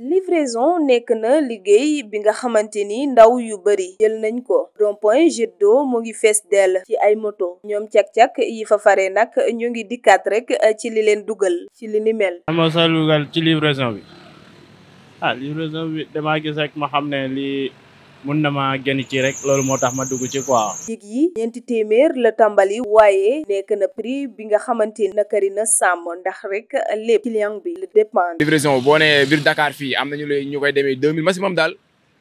livraison nekk na liggéey bi nga xamante ni ndaw yu bari jël nañ ko rond-point jet mu ngi fees dell ci ay moto ñoom cak-cak yi fa fare nag ñu ngi dikkaat rek eh, ci li leen dugal ci li ni mel ama salugal ci livraison bi ah livraison bi damaa rek ma xam ne lii mun na ma génn ci rek loolu moo tax ma dugg ci quoi. njëg yi ñeenti téeméer la tàmbali waaye nekk na prix bi nga xamante ne nakari na sàmm ndax rek lépp client bi la dépend. livraison boo nee biir Dakar fii am na ñu lay ñu koy demee 2000 maximum daal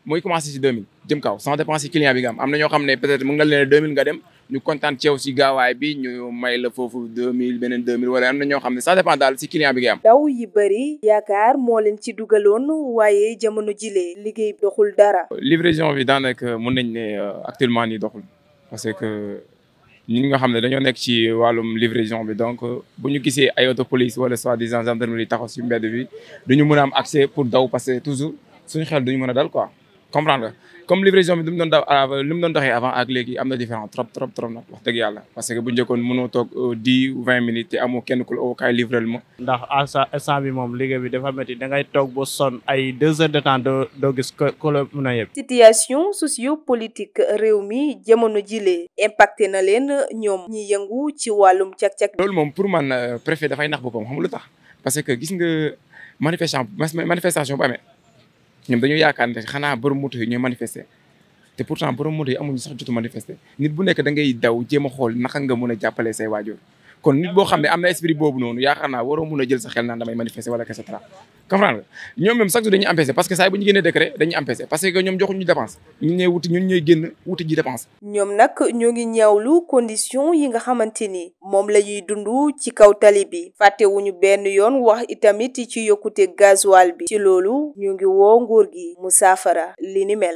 muy commencé ci 2000 jëm kaw sans dépense ci client bi nga am na ñoo xam ne peut-être nga leen 2000 nga dem. ñu kontaan ci gaawaay bi ñu may la foofu deux mille beneen deux mille wala am na ñoo xam ne sa dépend daal si client bi nga am. daw yi bëri. yaakaar moo leen ci dugaloon waaye jamono jilee liggéey doxul dara. livraison bi daanaka mun nañ ne euh, actuellement nii doxul parce que ñi nga xam ne dañoo nekk ci wàllum livraison bi donc bu ñu gisee ay auto police wala soi-disant gendarmerie taxaw si mbedd bi duñu mën a am accès pour daw parce que toujours suñu xel duñu mën a dal quoi. comprendre nga comme livraison bi li mu doon daw li ah, mu doon doxee avant ak léegi am na différence trop trop trop nag wax dëgg yàlla parce que bu njëkkoon mënoo toog euh, dix ou vingt minutes te amoo kenn ku la oo kaay livrel ma. ndax instant instant bi moom liggéey toog ba sonn ay deux heures de temps doo doo gis ko a yëpp. situation sociopolitique réew mi jamono jile impacté na leen ñoom ñi yëngu ci wàllum càq-càq. loolu moom pour man euh, préfet dafay nax boppam xam lu tax parce que gis nga manifestation manifestation bu amee. ñoom dañoo yaakaar ne xanaa borom moto yi ñooy manifester te pourtant borom moto yi amuñu sax jotu manifester nit bu nekk dangay ngay daw jéem a xool naka nga mën a jàppale say waajur kon nit boo xam ne am na esprit boobu noonu yaakaar naa waroo mun a jël sa xel naan damay manifester wala et cetera comprendre nga ñoom même chaque jour dañuy empêché parce que ñu génnee décret dañuy empêché parce que ñoom joxuñu wuti ji dépense ñoom nag ñoo ngi ñaawlu condition yi nga xamante ni moom la ñuy ci kaw tali bi fàttewuñu benn yoon wax itamit ci yokkute gasoil bi ci loolu ñu ngi woo nguur gi mu saafara li ni mel